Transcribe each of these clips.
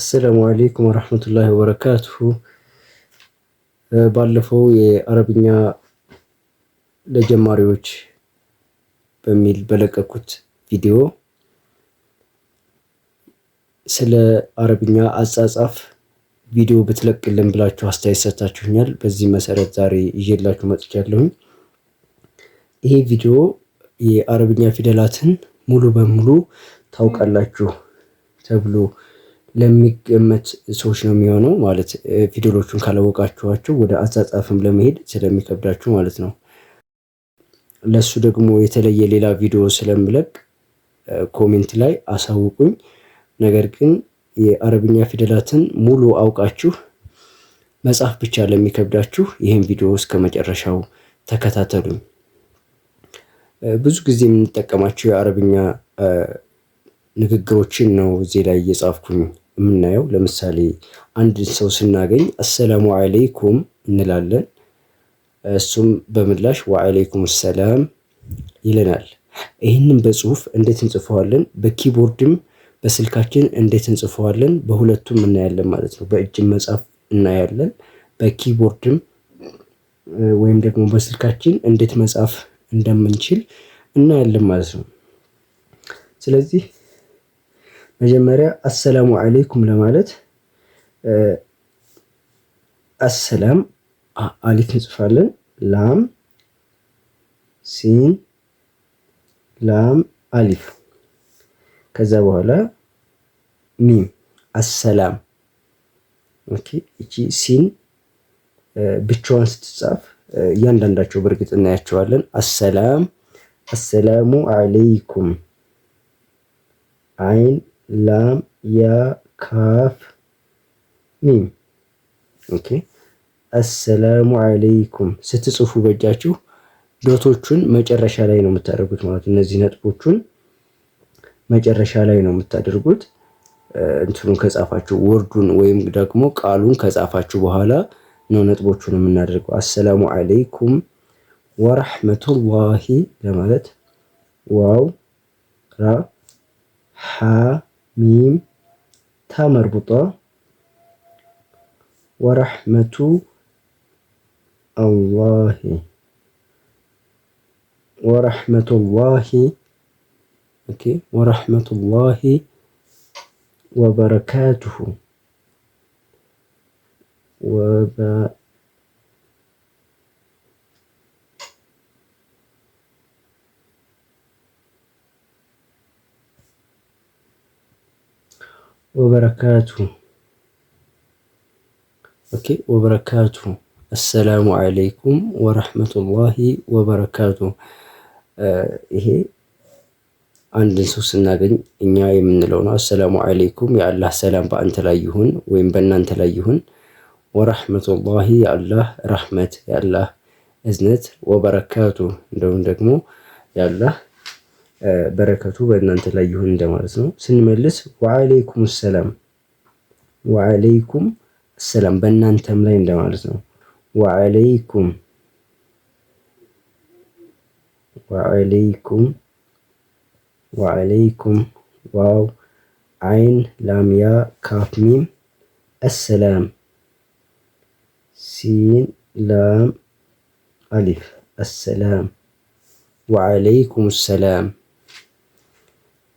አሰላሙ አሌይኩም ወረህመቱላሂ ወበረካቱሁ። ባለፈው የአረብኛ ለጀማሪዎች በሚል በለቀኩት ቪዲዮ ስለ አረብኛ አጻጻፍ ቪዲዮ ብትለቅልን ብላችሁ አስተያየት ሰጥታችሁኛል። በዚህ መሰረት ዛሬ ይዤላችሁ መጥቻለሁኝ። ይሄ ቪዲዮ የአረብኛ ፊደላትን ሙሉ በሙሉ ታውቃላችሁ ተብሎ ለሚገመት ሰዎች ነው የሚሆነው ማለት ፊደሎቹን ካላወቃችኋቸው ወደ አጻጻፍም ለመሄድ ስለሚከብዳችሁ ማለት ነው። ለሱ ደግሞ የተለየ ሌላ ቪዲዮ ስለምለቅ ኮሜንት ላይ አሳውቁኝ። ነገር ግን የአረብኛ ፊደላትን ሙሉ አውቃችሁ መጽሐፍ ብቻ ለሚከብዳችሁ ይህን ቪዲዮ እስከ መጨረሻው ተከታተሉኝ። ብዙ ጊዜ የምንጠቀማቸው የአረብኛ ንግግሮችን ነው እዚህ ላይ እየጻፍኩኝ የምናየው። ለምሳሌ አንድን ሰው ስናገኝ አሰላሙ አለይኩም እንላለን። እሱም በምላሽ ወአለይኩም ሰላም ይለናል። ይህንን በጽሁፍ እንዴት እንጽፈዋለን? በኪቦርድም በስልካችን እንዴት እንጽፈዋለን? በሁለቱም እናያለን ማለት ነው። በእጅም መጻፍ እናያለን። በኪቦርድም ወይም ደግሞ በስልካችን እንዴት መጻፍ እንደምንችል እናያለን ማለት ነው። ስለዚህ መጀመሪያ አሰላሙ አለይኩም ለማለት አሰላም አሊፍ እንጽፋለን። ላም ሲን ላም አሊፍ ከዛ በኋላ ሚም አሰላም። ኦኬ እቺ ሲን ብቻዋን ስትጻፍ እያንዳንዳቸው በእርግጥ እናያቸዋለን። አሰላም አሰላሙ አለይኩም አይን ላም ያ ካፍ ሚም። ኦኬ አሰላሙ አለይኩም ስትጽፉ በእጃችሁ ዶቶቹን መጨረሻ ላይ ነው የምታደርጉት ማለት እነዚህ ነጥቦቹን መጨረሻ ላይ ነው የምታደርጉት። እንትኑን ከጻፋችሁ ወርዱን ወይም ደግሞ ቃሉን ከጻፋችሁ በኋላ ነው ነጥቦቹን የምናደርገው። አሰላሙ አለይኩም ወራህመቱላሂ ለማለት ዋው ራ ሐ ميم تا مربوطة ورحمة الله ورحمة الله أوكي ورحمة الله وبركاته وب ወበረካቱ። ኦኬ ወበረካቱ። አሰላሙ አለይኩም ወረህመቱላሂ ወበረካቱ። ይሄ አንድን ሰው ስናገኝ እኛ የምንለው ነው። አሰላሙ አለይኩም የአላህ ሰላም በአንተ ላይ ይሁን ወይም በእናንተ ላይ ይሁን። ወረህመቱላሂ የአላህ ረህመት የአላህ እዝነት፣ ወበረካቱ እንደውም ደግሞ የአላህ በረከቱ በእናንተ ላይ ይሁን እንደማለት ነው። ስንመልስ ወዓለይኩም ሰላም ወዓለይኩም ሰላም በእናንተም ላይ እንደማለት ነው። ወዓለይኩም ወዓለይኩም ወዓለይኩም ዋው አይን ላምያ ሚም አሰላም ሲን ላም አሊፍ አሰላም ወዓለይኩም ሰላም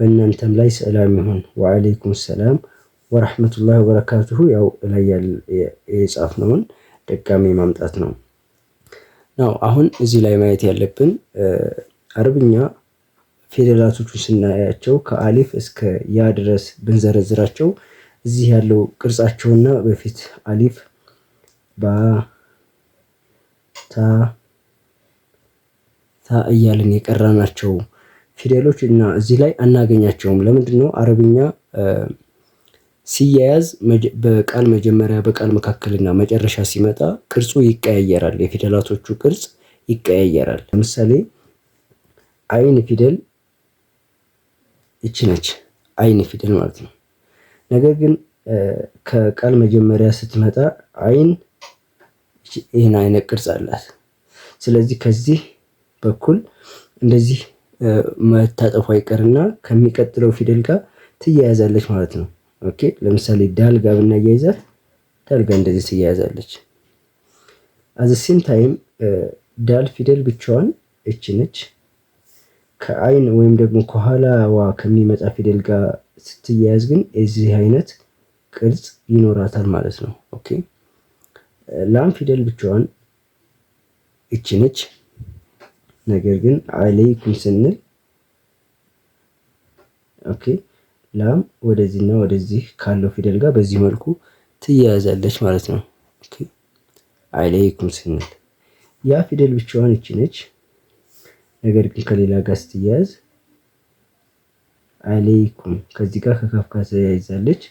በእናንተም ላይ ሰላም ይሁን። ወአሌይኩም ሰላም ወረሐመቱላህ ወበረካቱሁ። ያው የጻፍ የጻፍነውን ድጋሜ ማምጣት ነው ነው። አሁን እዚህ ላይ ማየት ያለብን አረብኛ ፊደላቶቹን ስናያቸው ከአሊፍ እስከ ያ ድረስ ብንዘረዝራቸው እዚህ ያለው ቅርጻቸውና በፊት አሊፍ ባ ታ ታ እያልን የቀራናቸው ፊደሎች እና እዚህ ላይ አናገኛቸውም። ለምንድን ነው? አረብኛ ሲያያዝ በቃል መጀመሪያ በቃል መካከልና መጨረሻ ሲመጣ ቅርጹ ይቀያየራል። የፊደላቶቹ ቅርጽ ይቀያየራል። ለምሳሌ አይን ፊደል ይች ነች፣ አይን ፊደል ማለት ነው። ነገር ግን ከቃል መጀመሪያ ስትመጣ አይን ይህን አይነት ቅርጽ አላት። ስለዚህ ከዚህ በኩል እንደዚህ መታጠፉ አይቀርና ከሚቀጥለው ፊደል ጋር ትያያዛለች ማለት ነው። ኦኬ ለምሳሌ ዳል ጋር ብናያይዛት ዳል ጋር እንደዚህ ትያያዛለች። አዘ ሴም ታይም ዳል ፊደል ብቻዋን እች ነች። ከአይን ወይም ደግሞ ከኋላዋ ከሚመጣ ፊደል ጋር ስትያያዝ ግን የዚህ አይነት ቅርጽ ይኖራታል ማለት ነው። ኦኬ ላም ፊደል ብቻዋን እች ነች። ነገር ግን አለይኩም ስንል ኦኬ ላም ወደዚህና ወደዚህ ካለው ፊደል ጋር በዚህ መልኩ ትያያዛለች ማለት ነው። ኦኬ አለይኩም ስንል ያ ፊደል ብቻዋን እቺ ነች። ነገር ግን ከሌላ ጋር ስትያያዝ አለይኩም ከዚህ ጋር ከካፍ ጋር ተያይዛለች።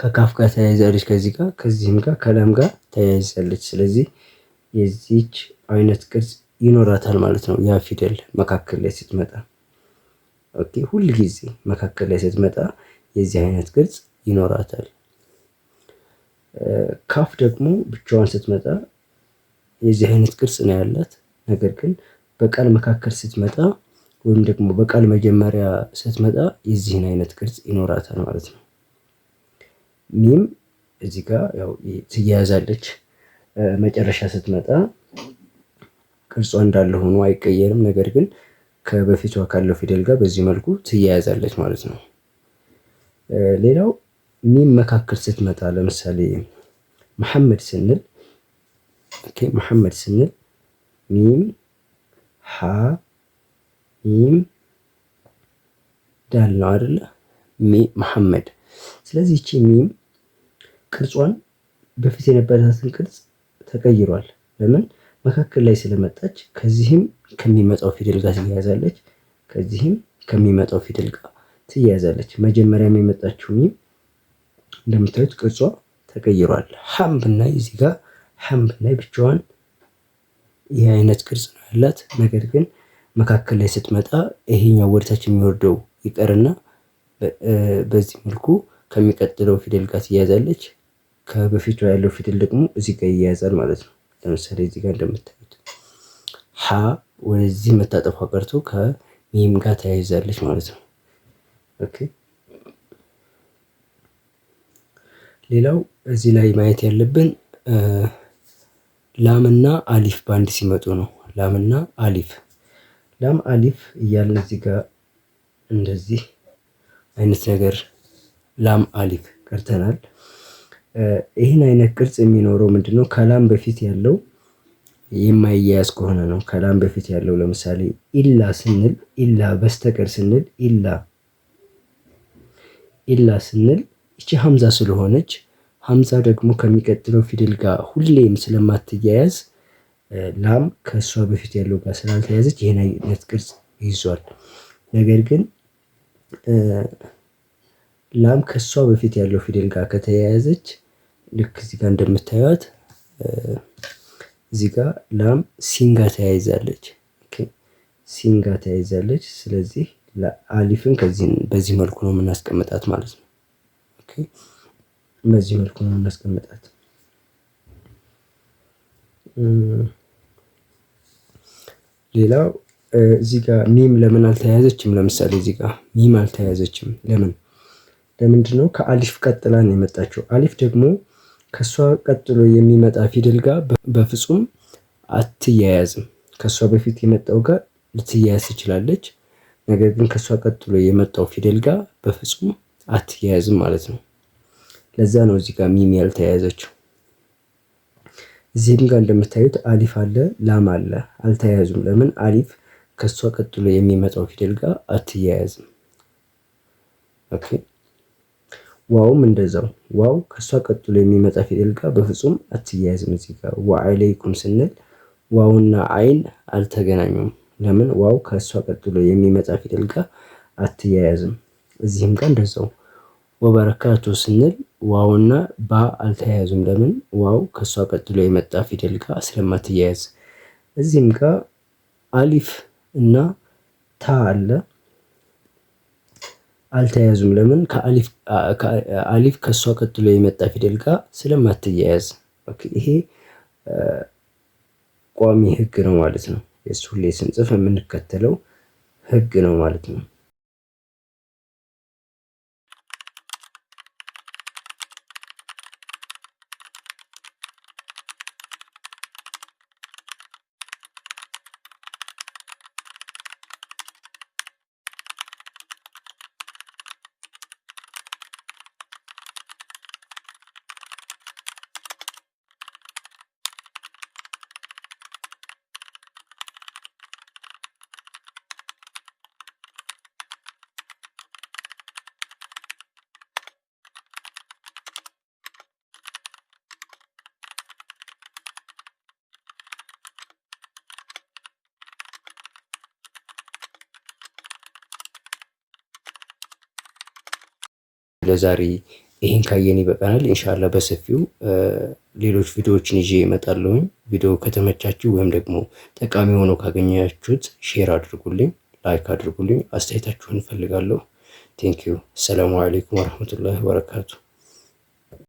ከካፍ ጋር ተያይዛለች ከዚህ ጋር ከዚህም ጋር ከላም ጋር ተያይዛለች። ስለዚህ የዚች አይነት ቅርጽ ይኖራታል ማለት ነው። ያ ፊደል መካከል ላይ ስትመጣ ኦኬ፣ ሁል ጊዜ መካከል ላይ ስትመጣ የዚህ አይነት ቅርጽ ይኖራታል። ካፍ ደግሞ ብቻዋን ስትመጣ የዚህ አይነት ቅርጽ ነው ያላት። ነገር ግን በቃል መካከል ስትመጣ ወይም ደግሞ በቃል መጀመሪያ ስትመጣ የዚህን አይነት ቅርጽ ይኖራታል ማለት ነው። ሚም እዚህ ጋር ያው ትያያዛለች። መጨረሻ ስትመጣ ቅርጿ እንዳለ ሆኖ አይቀየርም። ነገር ግን ከበፊቷ ካለው ፊደል ጋር በዚህ መልኩ ትያያዛለች ማለት ነው። ሌላው ሚም መካከል ስትመጣ ለምሳሌ መሐመድ ስንል መሐመድ ስንል ሚም ሀ ሚም ዳል ነው አይደለ? መሐመድ። ስለዚህ እቺ ሚም ቅርጿን በፊት የነበራትን ቅርጽ ተቀይሯል። ለምን መካከል ላይ ስለመጣች ከዚህም ከሚመጣው ፊደል ጋር ትያያዛለች፣ ከዚህም ከሚመጣው ፊደል ጋር ትያያዛለች። መጀመሪያም የመጣችው ሚም እንደምታዩት ቅርጿ ተቀይሯል። ሐም ብናይ እዚህ ጋር ሐም ብናይ ብቻዋን ይህ አይነት ቅርጽ ነው ያላት። ነገር ግን መካከል ላይ ስትመጣ ይሄኛው ወደታች የሚወርደው ይቀርና በዚህ መልኩ ከሚቀጥለው ፊደል ጋር ትያያዛለች። ከበፊቷ ያለው ፊደል ደግሞ እዚህ ጋር ይያያዛል ማለት ነው። ለምሳሌ እዚህ ጋር እንደምታዩት ሀ ወደዚህ መታጠፏ ቀርቶ ከሚም ጋር ተያይዛለች ማለት ነው። ኦኬ ሌላው እዚህ ላይ ማየት ያለብን ላምና አሊፍ በአንድ ሲመጡ ነው። ላምና አሊፍ ላም አሊፍ እያልን እዚህ ጋር እንደዚህ አይነት ነገር ላም አሊፍ ቀርተናል። ይህን አይነት ቅርጽ የሚኖረው ምንድነው? ከላም በፊት ያለው የማያያዝ ከሆነ ነው። ከላም በፊት ያለው ለምሳሌ ኢላ ስንል ኢላ በስተቀር ስንል ኢላ ኢላ ስንል እቺ ሀምዛ ስለሆነች ሀምዛ ደግሞ ከሚቀጥለው ፊደል ጋር ሁሌም ስለማትያያዝ ላም ከእሷ በፊት ያለው ጋር ስላልተያዘች ይህን አይነት ቅርጽ ይዟል። ነገር ግን ላም ከእሷ በፊት ያለው ፊደል ጋር ከተያያዘች ልክ እዚህ ጋር እንደምታዩት እዚህ ጋር ላም ሲንጋ ተያይዛለች። ሲንጋ ተያይዛለች። ስለዚህ አሊፍን ከዚህ በዚህ መልኩ ነው የምናስቀምጣት ማለት ነው። ኦኬ በዚህ መልኩ ነው የምናስቀምጣት። ሌላው እዚህ ጋር ሚም ለምን አልተያያዘችም? ለምሳሌ እዚህ ጋር ሚም አልተያያዘችም። ለምን ለምንድን ነው? ከአሊፍ ቀጥላን ነው የመጣችው። አሊፍ ደግሞ ከእሷ ቀጥሎ የሚመጣ ፊደል ጋር በፍጹም አትያያዝም። ከእሷ በፊት የመጣው ጋር ልትያያዝ ትችላለች፣ ነገር ግን ከእሷ ቀጥሎ የመጣው ፊደል ጋር በፍጹም አትያያዝም ማለት ነው። ለዛ ነው እዚህ ጋር ሚም ያልተያያዘችው። እዚህም ጋር እንደምታዩት አሊፍ አለ፣ ላም አለ፣ አልተያያዙም። ለምን? አሊፍ ከእሷ ቀጥሎ የሚመጣው ፊደል ጋር አትያያዝም። ኦኬ ዋውም እንደዛው ዋው ከእሷ ቀጥሎ የሚመጣ ፊደል ጋር በፍጹም አትያያዝም። እዚህ ጋር ወአለይኩም ስንል ዋውና አይን አልተገናኙም። ለምን ዋው ከእሷ ቀጥሎ የሚመጣ ፊደል ጋር አትያያዝም። እዚህም ጋር እንደዛው ወበረካቱ ስንል ዋውና ባ አልተያያዙም። ለምን ዋው ከእሷ ቀጥሎ የመጣ ፊደል ጋር ስለማትያያዝ። እዚህም ጋር አሊፍ እና ታ አለ አልተያያዙም ለምን? አሊፍ ከእሷ ቀጥሎ የመጣ ፊደል ጋር ስለማትያያዝ። ይሄ ቋሚ ህግ ነው ማለት ነው። የሱ ሁሌ ስንጽፍ የምንከተለው ህግ ነው ማለት ነው። ለዛሬ ይህን ካየን ይበቃናል። እንሻላ በሰፊው ሌሎች ቪዲዮዎችን ይዤ እመጣለሁኝ። ቪዲዮ ከተመቻችሁ ወይም ደግሞ ጠቃሚ ሆኖ ካገኛችሁት ሼር አድርጉልኝ፣ ላይክ አድርጉልኝ። አስተያየታችሁን እፈልጋለሁ። ቴንኪዩ። ሰላሙ አሌይኩም ወረህመቱላሂ ወበረካቱ።